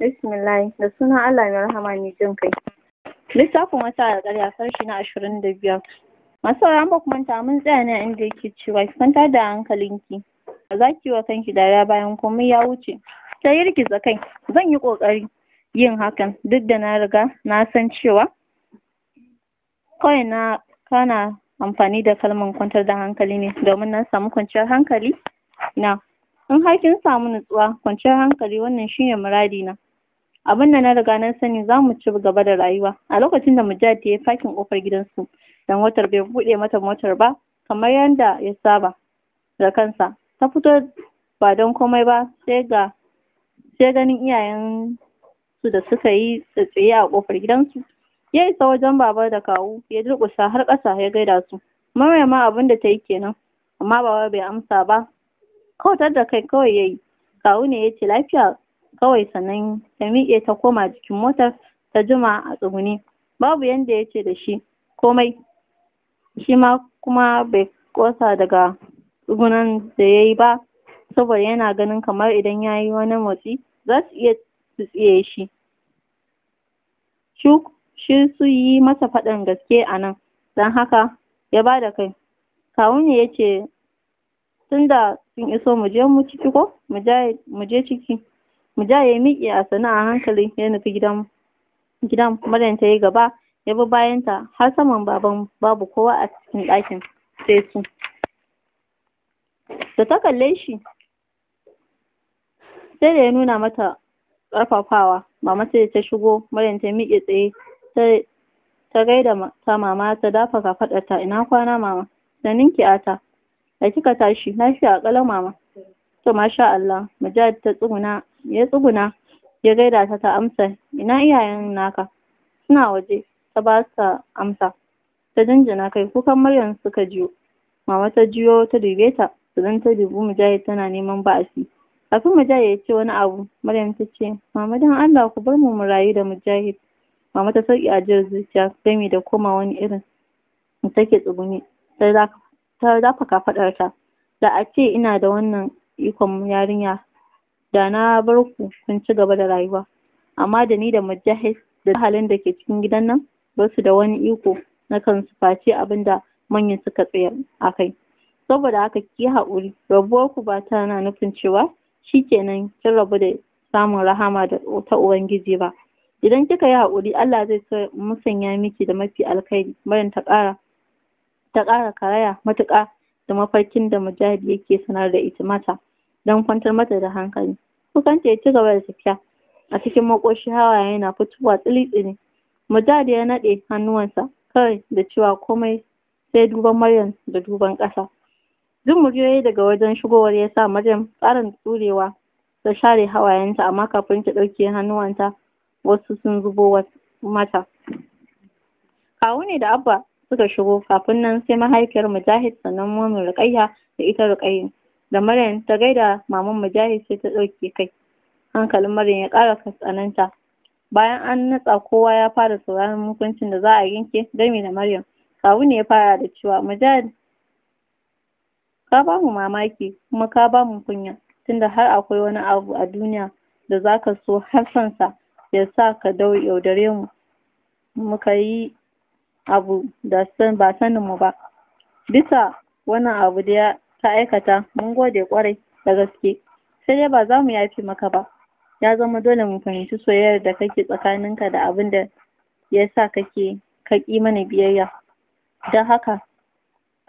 Bismillah da suna Allah mai rahama ne jin kai. Littafin wata alƙarya sashi na ashirin da biyar. Masu sauran ba kuma ta mun tsaya ne inda yake cewa ki kwantar da hankalinki. Ba za ki wa kanki dariya bayan komai ya wuce. Ta yi rikiza kai zan yi ƙoƙari yin hakan duk da na riga na san cewa kawai na kana amfani da kalmar kwantar da hankali ne domin na samu kwanciyar hankali na in har kin samu nutsuwa kwanciyar hankali wannan shine muradi na abin da na riga nan sani za mu ci gaba da rayuwa a lokacin da mujahid ya yi fakin kofar gidansu dan motar bai buɗe mata motar ba kamar yadda ya saba da kansa ta fito ba don komai ba sai ga sai ganin iyayen su da suka yi tsaye a kofar gidansu ya isa wajen baba da kawu ya durƙusa har ƙasa ya gaida su mamaye ma abin da ta yi kenan amma baba bai amsa ba kautar da kai kawai ya yi kawu ne ya ce lafiya kawai sannan ta miƙe ta koma jikin motar ta jima a tsuguni babu yadda ya ce da shi komai shi ma kuma bai kosa daga tsugunan da ya yi ba saboda yana ganin kamar idan ya yi wani motsi za su iya tsitsiye shi shi su yi masa faɗin gaske a nan don haka ya ba da kai kawun ya ce tunda sun iso mu je mu ciki ko mu je ciki Mu ja ya miƙe a sana a hankali ya nufi gidan gidan Maryam ta yi gaba ya bi bayanta har saman baban babu kowa a cikin ɗakin sai su. Da ta kalle shi sai da ya nuna mata ƙarfafawa mama sai ta shigo Maryam ta miƙe tsaye ta ta gaida ta mama ta dafa ta, ina kwana mama da ninki ata da kika tashi na a ƙalan, mama to masha Allah Mujahid ta tsuguna ya tsuguna ya gaida ta ta amsa ina iyayen naka suna waje ta ba ta amsa ta jinjina kai kukan maryam suka jiyo mama ta jiyo ta dube ta idan ta dubi mujahid tana neman ba'asi kafin mujahid ya ce wani abu maryam ta ce mama don allah ku bar mu mu rayu da mujahid mama ta sauki ajiyar zuciya gami da koma wani irin mu take tsuguni ta dafa kafaɗarta. da a ce ina da wannan ikon yarinya da na bar ku kun ci gaba da rayuwa amma da ni da mujahid da halin da ke cikin gidan nan ba su da wani iko na kansu face abin da manyan suka tsayar a kai saboda haka ki haƙuri rabuwar ku ba ta na nufin cewa shikenan kin rabu da samun rahama da ta ubangiji ba idan kika yi haƙuri Allah zai musanya miki da mafi alkhairi bayan ta ƙara ta ƙara karaya matuƙa da mafarkin da mujahid yake sanar da ita mata don kwantar mata da hankali kukanta ya ci gaba da tafiya a cikin makoshi hawaye yana fitowa tsili-tsili mujahid ya naɗe hannuwansa kawai da cewa komai sai duban maryam da duban ƙasa jin muryoyi daga wajen shigowar ya sa maryam ƙarin tsurewa ta share hawayenta amma kafin ta ɗauke hannuwanta wasu sun zubo mata kawu ne da abba suka shigo kafin nan sai mahaifiyar mujahid sannan mamin rukayya da ita rukayya da Maryam ta gaida maman Mujahid sai ta ɗauke kai hankalin Maryam ya ƙara katsananta bayan an natsa kowa ya fara sauraron hukuncin da za a yanke gami da Maryam kawu ne ya fara da cewa Mujahid ka ba mu mamaki kuma ka ba mu kunya tunda har akwai wani abu a duniya da za ka so har ya sa ka dau yaudare mu muka yi abu da ba sanin mu ba bisa wannan abu da ka aikata mun gode kwarai da gaske sai dai ba za mu yafe maka ba ya zama dole mu fahimci soyayyar da kake tsakaninka da abin da ya sa kake ka ƙi mana biyayya don haka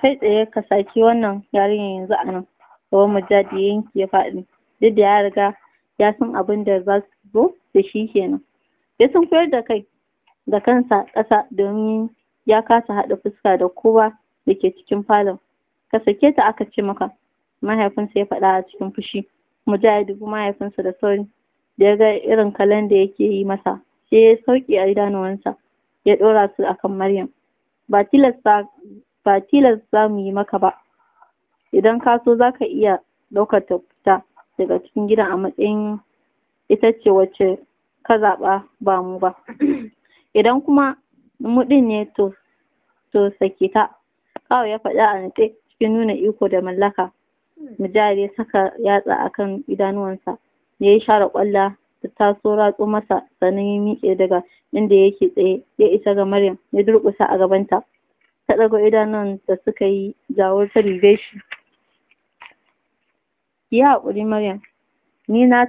kai tsaye ka saki wannan yarinyar yanzu a nan gaban Mujahid ya yanki ya faɗi duk da ya riga ya san abin da za su zo da shi kenan ya san koyar da kai da kansa ƙasa domin ya kasa haɗa fuska da kowa da ke cikin falon ka sake ta aka ce maka mahaifinsa ya faɗa a cikin fushi mujahid mahaifinsa da sauri da ya ga irin kalan da yake yi masa sai ya sauke a idanuwansa ya ɗora su akan maryam ba tilas za mu yi maka ba idan ka so za ka iya ɗaukar ta fita daga cikin gidan a matsayin ita ce wacce ka zaɓa ba mu ba idan kuma muɗin ne to to sake ta kawai ya faɗa a natse suke nuna iko da mallaka mujahid ya saka yatsa akan idanuwansa ya yi share kwalla ta taso ratso masa sannan ya miƙe daga inda yake tsaye ya isa ga maryam ya durƙusa a gabanta ta ɗaga idanun da suka yi jawo ta rige shi ya haƙuri maryam ni na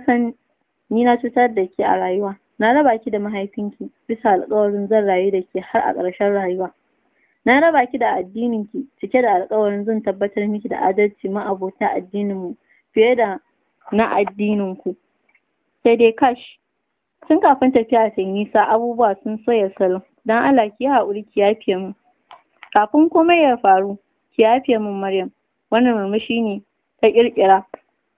ni na cutar da ke a rayuwa na raba ki da mahaifinki bisa alƙawarin zan rayu da ke har a ƙarshen rayuwa na raba ki da addinin ki cike da alƙawarin zan tabbatar miki da adalci abota addinin mu fiye da na addinin ku sai dai kash tun kafin tafiya ta nisa abubuwa sun soya salo. don Allah ki haƙuri ki yafe min kafin komai ya faru ki yafe min Maryam wannan murmushi ne ta ƙirƙira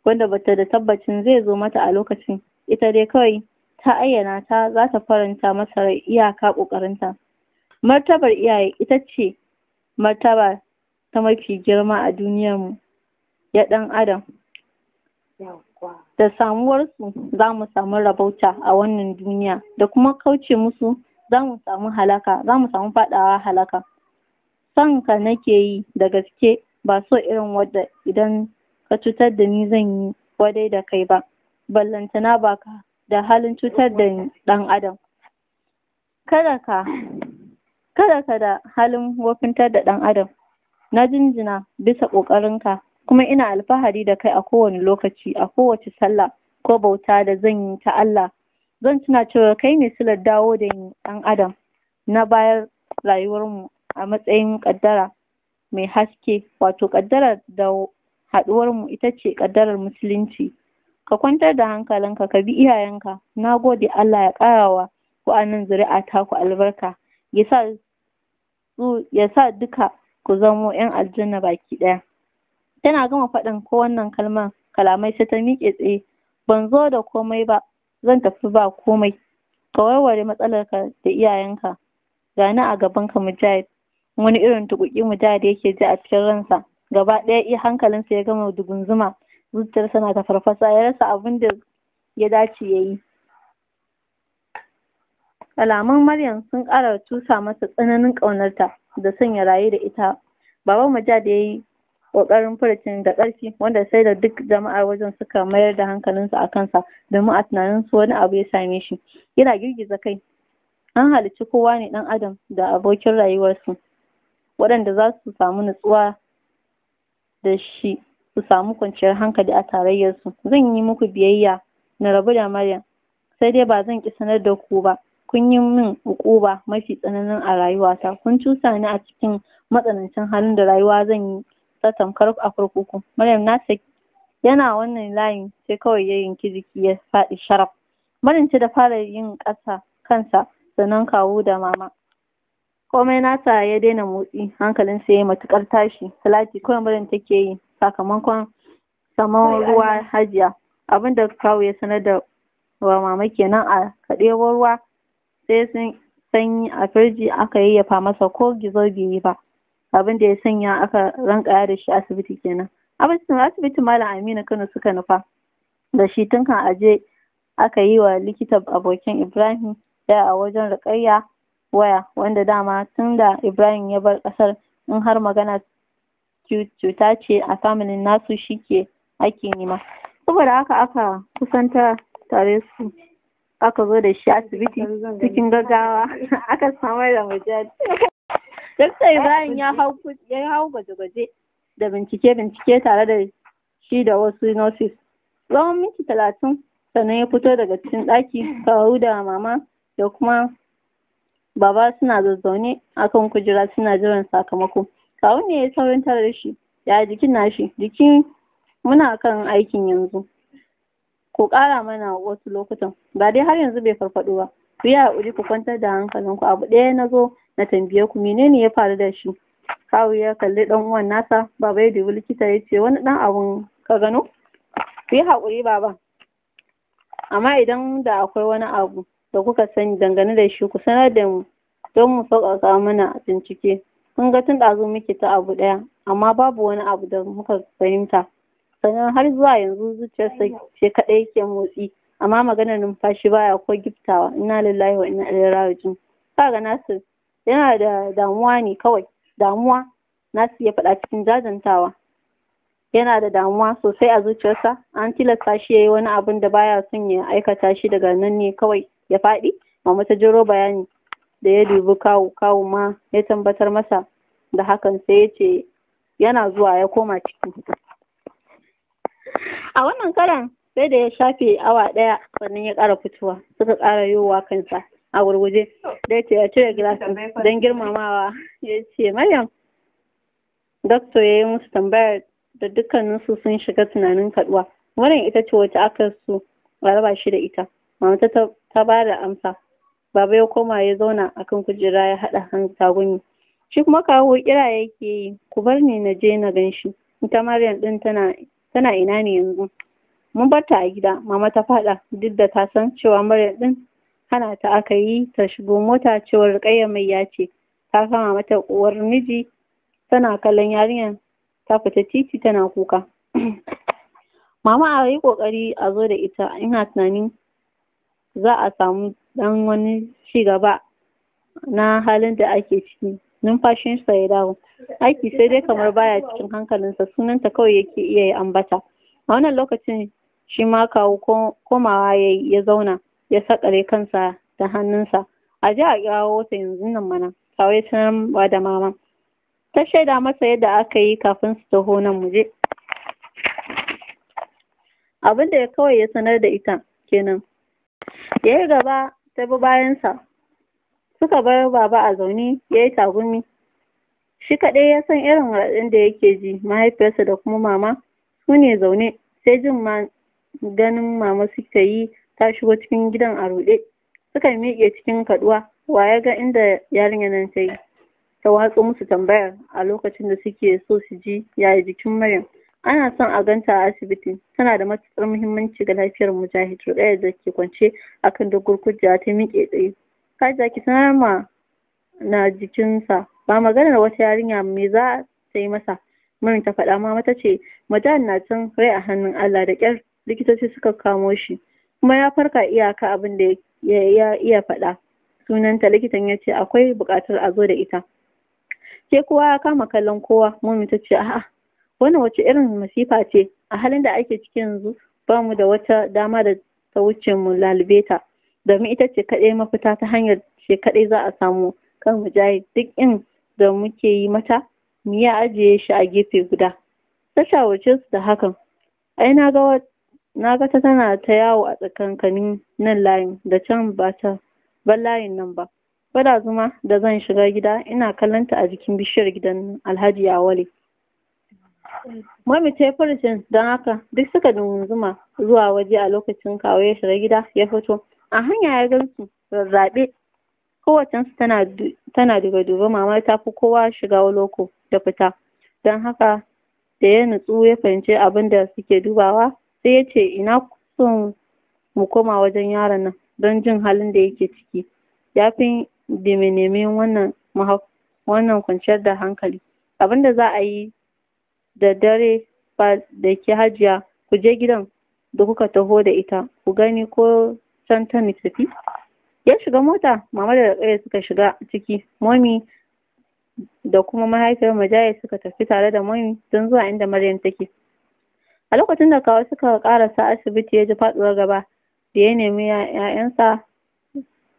wanda bata da tabbacin zai zo mata a lokacin ita dai kawai ta ayyana ta za ta faranta masa iyaka ƙoƙarinta martabar iyaye ita ce martaba ta mafi girma a duniyarmu ya ɗan adam da samuwarsu za mu samu rabauta a wannan duniya da kuma kauce musu za mu samu halaka za mu samu faɗawa halaka son ka nake yi da gaske ba so irin wadda idan ka cutar da ni zan yi wadai da kai ba ballantana ba ka da halin cutar da ɗan adam kada ka kada ka da halin wofintar da ɗan adam na jinjina bisa ƙoƙarinka kuma ina alfahari da kai a kowane lokaci a kowace sallah ko bauta da zan yi ta Allah zan tuna cewa kai ne silar dawo da ni ɗan adam na bayar rayuwarmu a matsayin ƙaddara mai haske wato ƙaddarar da mu ita ce ƙaddarar musulunci ka kwantar da hankalinka ka bi iyayenka na gode Allah ya ƙara wa wa'annan zuri'a taku albarka ya sa duka ku zamo 'yan aljanna baki ɗaya. Tana gama faɗin ko wannan kalmar kalamai sai ta miƙe tsaye. Ban zo da komai ba, zan tafi ba komai. Ka warware matsalarka da iyayenka. Gani a gabanka Mujahid. Wani irin tuƙuƙi Mujahid yake ji a cikin ransa. Gaba ɗaya iya hankalinsa ya gama dugunzuma. Zuciyarsa na ta farfasa ya rasa abin da ya dace ya yi. Kalaman Maryam sun ƙara cusa masa tsananin ƙaunarta da sanya raye da ita. Baba da ya yi ƙoƙarin furucin da ƙarfi wanda sai da duk jama'ar wajen suka mayar da hankalinsu a kansa domin a tunanin su wani abu ya same shi. Yana girgiza kai. An halicci kowa ne ɗan adam da abokin rayuwarsu waɗanda za su samu nutsuwa da shi su samu kwanciyar hankali a tarayyarsu. Zan yi muku biyayya na rabu da Maryam sai dai ba zan ƙi sanar da ku ba. kun yi min uquba mafi tsananin a rayuwata kun cusa ni a cikin matsanancin halin da rayuwa zan yi ta tamkar a kurkuku maryam na yana wannan layin sai kawai ya yanki jiki ya faɗi sharaf maryam ce da fara yin ƙasa kansa sannan kawo da mama komai nasa ya daina motsi hankalin sa yayi matukar tashi talati kawai maryam take yi sakamakon saman ruwa hajiya abinda kawo ya sanar da wa mama kenan a kaɗewar ruwa sai sun sanyi a firji aka yayyafa masa ko gizo biyu ba abin da ya sanya aka ranka da shi asibiti kenan asibitin asibitin malam aminu kano suka nufa da shi tun kan aje aka yi wa likita abokin ibrahim daya a wajen rikayya waya wanda dama tun da ibrahim ya bar kasar in har magana cuta ce a familin nasu shi ake nema saboda haka aka kusanta tare su aka zo da shi asibiti cikin gaggawa aka samar da mujahid Dokta Ibrahim ya hau gwaje-gwaje da bincike-bincike tare da shi da wasu nurses. Tsawon minti talatin sannan ya fito daga cikin ɗaki kawu da mama da kuma baba suna zazzaune akan kujera suna jiran sakamako. Kawu ne ya saurin tare da shi, ya jikin nashi, jikin muna kan aikin yanzu. ku ƙara mana wasu lokutan ba dai har yanzu bai farfaɗo ba ku yi haƙuri ku kwantar da hankalinku abu ɗaya na zo na tambaye ku menene ya faru da shi kawu ya kalli ɗan uwan nasa baba ya dubi likita ya ce wani ɗan abun ka gano ku yi haƙuri baba amma idan da akwai wani abu da kuka sani dangane da shi ku sanar da mu don mu sauƙaƙa mana bincike kun ga tun ɗazu muke ta abu ɗaya amma babu wani abu da muka fahimta sannan har zuwa yanzu zuciyarsa ce kaɗai yake motsi amma maganar numfashi baya ko giftawa inna lillahi wa inna ilaihi raji'un kaga Nasir yana da damuwa ne kawai damuwa Nasir ya faɗa cikin jajantawa yana da damuwa sosai a zuciyarsa an tilasta shi yayi wani abun da baya son ya aikata shi daga nan ne kawai ya faɗi mama ta jiro bayani da ya dubi kawu kawu ma ya tambatar masa da hakan sai ya ce yana zuwa ya koma ciki a wannan karan sai da ya shafe awa ɗaya sannan ya kara fitowa suka kara yowa kansa a gurguje da ya ce ya cire gilasin don girmamawa ya ce maryam doctor ya yi musu tambayar da dukkaninsu sun shiga tunanin kaduwa wannan ita ce wacce aka su a raba shi da ita mamata ta ba da amsa baba ya koma ya zauna akan kujera ya haɗa hannu tagumi shi kuma kawo kira yake yi ku bar ni na je na gan shi ita maryam ɗin tana tana ina ne yanzu mun bar ta a gida mama ta faɗa duk da ta san cewa mara din hana ta aka yi ta shigo mota cewa rikayya mai ya ce ta kama mata uwar miji tana kallon yarinyar ta fita titi tana kuka mama a yi kokari a zo da ita ina tunanin za a samu dan wani ci gaba na halin da ake ciki numfashinsa ya dawo aiki sai dai kamar baya cikin hankalinsa sunanta kawai yake iya yi ambata a wannan lokacin shi ma kawo komawa ya zauna ya sakare kansa da hannunsa a ji a kirawo ta yanzu nan mana kawai sanarwa da mama ta shaida masa yadda aka yi kafin su taho nan muje Abinda ya kawai ya sanar da ita kenan ya yi gaba ta bi bayansa suka bar baba a zaune ya yi tagumi shi kaɗai ya san irin raɗin da yake ji mahaifiyarsa da kuma mama su ne zaune sai jin ma ganin mama suka yi ta shigo cikin gidan a ruɗe suka miƙe cikin kaɗuwa wa ya ga inda yarinya nan ta yi ta watsu musu tambayar a lokacin da suke so su ji yaya jikin maryam ana son a ganta a asibiti tana da matuƙar muhimmanci ga lafiyar mujahid ɗaya da ke kwance akan dogon kujera ta miƙe tsaye Kaja ki sanar ma na jikinsa ba maganar wata yarinya me za ta yi masa Mun ta faɗa ma mata ce majan na can rai a hannun Allah da ƙyar likitoci suka kamo shi kuma ya farka iyaka abin da ya iya faɗa sunanta likitan ya ce akwai buƙatar a zo da ita ke kowa ya kama kallon kowa mami ta ce a'a wannan wace irin masifa ce a halin da ake ciki yanzu ba mu da wata dama da ta wuce mu lalube domin ita ce kaɗai mafita ta hanyar ce kaɗai za a samu kan mujahid duk in da muke yi mata mu ya ajiye shi a gefe guda ta shawarce su da hakan ai na ga na ta tana ta yawo a tsakankanin nan layin da can ba ta ban layin nan ba bada zuma da zan shiga gida ina kallonta a jikin bishiyar gidan alhaji a mami ta yi furucin don haka duk suka zuma zuwa waje a lokacin kawo ya shiga gida ya fito a hanya ya gansu zaɓe. kowacensu tana tana duba duba mama ta fi kowa shiga loko da fita don haka da ya nutsu ya fahimci abin da suke dubawa sai ya ce ina son mu koma wajen yaron nan don jin halin da yake ciki ya fi dimineme wannan wannan kwanciyar da hankali Abinda za a yi da dare ba da ke hajiya ku je gidan da kuka taho da ita ku gani ko santa ta ya shiga mota mama da rakaya suka shiga ciki mami, da kuma mahaifiyar majaya suka tafi tare da mami don zuwa inda maryam take a lokacin da kawai suka sa asibiti ya ji faduwar gaba da ya nemi ya'yansa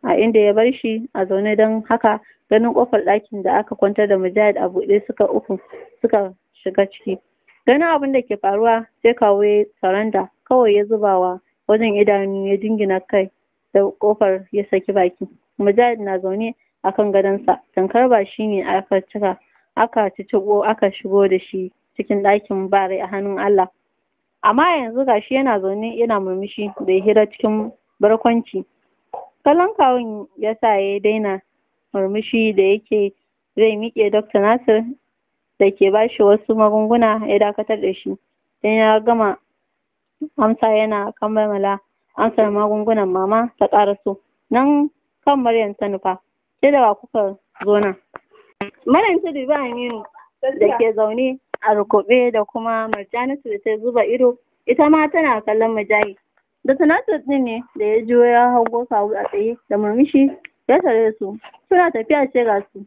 a inda ya bar shi a zaune don haka ganin kofar ɗakin da aka kwantar da mujahid a buɗe suka uku suka shiga ciki ganin abin da ke faruwa sai kawo ya saranda kawai ya zuba wa wajen idanu ya jingina kai da kofar ya saki baki mujahid na zaune akan gadonsa tankar ba shi ne aka cika aka cicibo aka shigo da shi cikin ɗakin bare a hannun Allah amma yanzu gashi yana zaune yana murmushi da hira cikin barkwanci kallon kawun ya sa ya daina murmushi da yake zai miƙe Dr. Nasir da ke bashi wasu magunguna ya dakatar da shi don ya gama amsa yana kammala amsar magungunan mama ta ƙaraso. Nan kan Maryam ta nufa. Ke da kuka zo nan. Maryam ta dubi Aminu da ke zaune a rukube da kuma Marjanatu da ta zuba ido. Ita ma tana kallon majayi. Da Sanatar din ne da ya juyo ya hango kawu a tsaye da murmushi ya tare su. Suna tafiya ce ga su.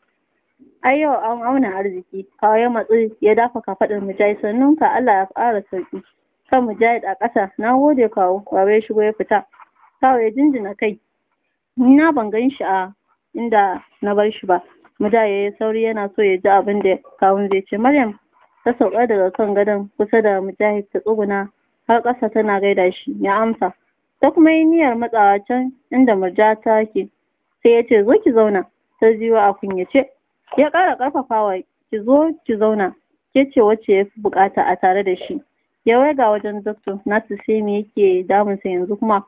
Ai yau an auna arziki, kawai ya matsi ya dafa kafaɗar majayi, sannan ka Allah ya fara sauki. kan mujahid a ƙasa na gode kawo baba ya shigo ya fita kawo ya jinjina kai ni na ban gan shi a inda na bar shi ba muda ya yi sauri yana so ya ji abin da kawun zai ce maryam ta sauka daga kan gadon kusa da mujahid ta tsuguna har ƙasa tana gaida shi ya amsa ta kuma yi niyyar matsawa can inda murja ta ke sai ya ce zo ki zauna ta jiwa a kunyace ya ƙara ƙarfafawa ki zo ki zauna ke ce wacce ya fi buƙata a tare da shi ya ga wajen doctor nasu sai me yake damunsa yanzu kuma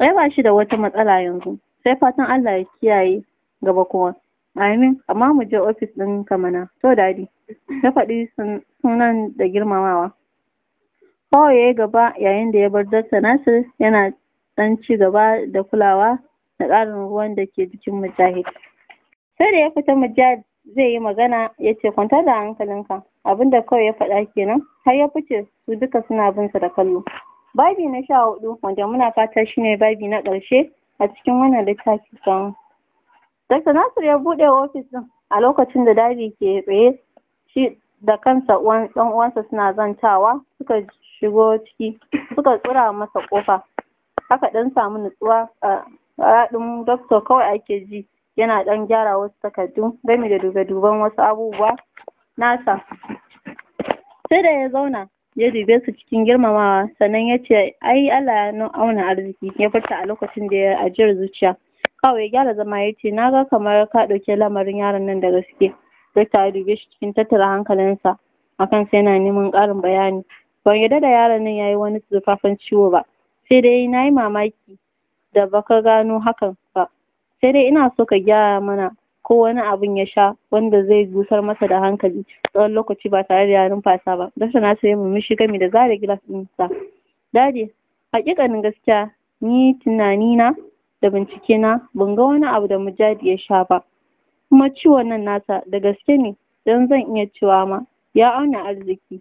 ai ba shi da wata matsala yanzu sai fatan Allah ya kiyaye gaba kuma amin amma mu je ofis din kamana to dadi na faɗi sunan da girmamawa kawai ya yi gaba yayin da ya bar Dr. Nasir yana ɗan ci gaba da kulawa da ƙarin ruwan da ke jikin Mujahid. Sai da ya fita Mujahid zai yi magana ya ce kwanta da hankalinka abin da kawai ya faɗa kenan har ya fice su duka suna bin sa da kallo babi na sha hudu wanda muna fata shine babi na ƙarshe a cikin wannan littafi kan Dr. Nasir ya buɗe ofis ɗin a lokacin da Dadi ke tsaye shi da kansa ɗan uwansa suna zantawa suka shigo ciki suka tsura masa ƙofa haka ɗan samu nutsuwa a raɗin doctor kawai ake ji yana ɗan gyara wasu takardu gami da duba duban wasu abubuwa nasa sai da ya zauna ya dube su cikin girmamawa sannan ya ce ai Allah ya auna arziki ya furta a lokacin da ya ajiyar zuciya kawai ya gyara zama ya ce na ga kamar ka ɗauke lamarin yaron nan da gaske dokta ya dube shi cikin tattara hankalinsa akan sai na neman ƙarin bayani ban yarda da yaron nan ya yi wani zurfafan ciwo ba sai dai na yi mamaki da baka gano hakan ba sai dai ina so ka gyara mana ko wani abun ya sha wanda zai busar masa da hankali tsawon lokaci ba tare da ya numfasa ba don na sai mishi gami da zare gilas sa. dade hakikanin gaskiya ni tunani na da bincike na ban ga wani abu da mujadi ya sha ba kuma ciwon nan nasa da gaske ne don zan iya cewa ma ya auna arziki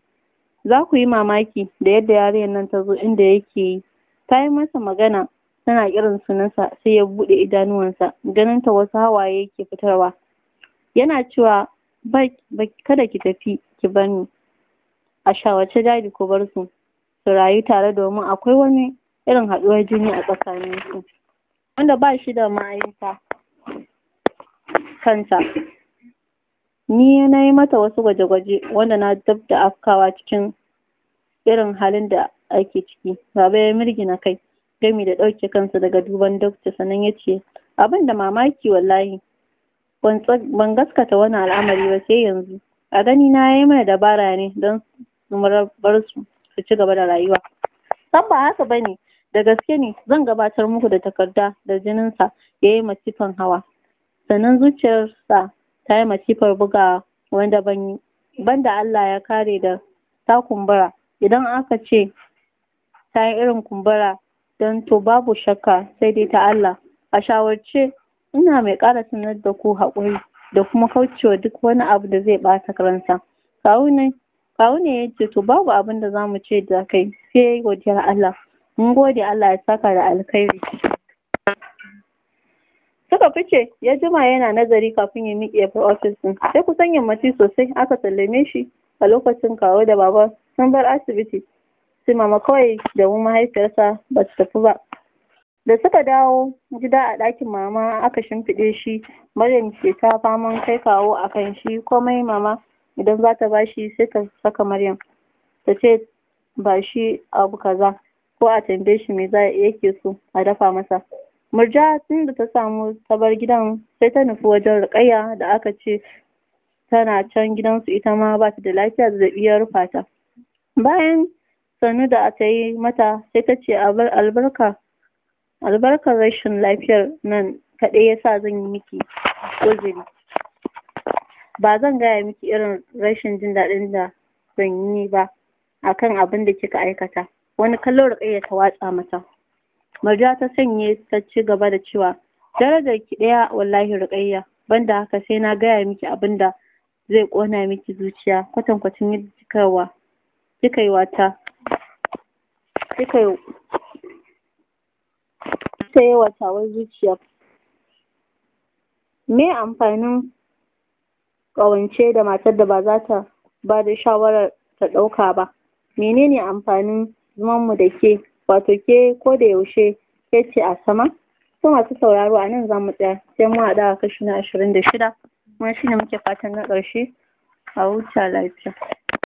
za ku yi mamaki da yadda yarinyar nan ta zo inda yake yi ta yi masa magana tana kiran sunansa sai ya buɗe idanuwansa ganinta wasu hawaye yake fitarwa yana cewa ba kada ki tafi ki bani a shawarce dadi ko bar su su rayu tare domin akwai wani irin haɗuwar jini a tsakaninsu wanda ba shi da ma'aikata kanta. ni na yi mata wasu gwaje-gwaje wanda na dabda afkawa cikin irin halin da ake ciki baba ya mirgina kai gami da ɗauke kansa daga duban dokta sannan ya ce abin da mamaki wallahi ban gaskata wani al'amari ba sai yanzu a gani na yi mana dabara ne don bar su su ci gaba da rayuwa san ba haka ba ne da gaske ne zan gabatar muku da takarda da jininsa ya yi masifan hawa sannan zuciyarsa ta yi masifar bugawa wanda ban banda Allah ya kare da ta kumbura idan aka ce ta yi irin kumbura don to babu shakka sai dai ta Allah a shawarce ina mai ƙara sanar da ku haƙuri da kuma kaucewa duk wani abu da zai ɓata karanta kawu ne ya to babu abin da za mu ce da kai sai godiyar Allah mun gode Allah ya saka da alkhairi suka fice ya jima yana nazari kafin ya miƙe bar ofis din sai kusan yammaci sosai aka sallame shi a lokacin kawo da baba sun bar asibiti su mama kawai da mu mahaifiyarsa ba su tafi ba da suka dawo gida a ɗakin mama aka shimfiɗe shi maryam ce ta faman kai kawo a kan shi komai mama idan za ta ba shi sai ta saka maryam ta ce ba shi abu kaza ko a tambaye shi me za yake so a dafa masa murja tun da ta samu ta bar gidan sai ta nufi wajen rikayya da aka ce tana can gidansu ita ma ba ta da lafiya zazzaɓi ya rufa ta bayan sannu da aka yi mata sai ta ce albarkar rashin lafiyar nan kaɗai ya sa zan yi miki uzuri ba zan gaya miki irin rashin jin daɗin da zan yi ba kan abin da kika aikata wani kallon rukayya ta watsa mata marja ta sanye ta ci gaba da cewa darajar ki ɗaya wallahi rukayya banda haka sai na gaya miki abin da zai ƙona miki zuciya kwatankwacin yadda kika yi wata suka yi suka yi watawar zuciya. me amfanin ƙawance da matar da ba za ta ba da shawarar ta ɗauka ba menene amfanin zumanmu da ke wato ke ko da yaushe ke ce a sama Su masu sauraro a nan za mu tsaya sai mu haɗa a kashi na ashirin da shida kuma muke fatan na ƙarshe a huta lafiya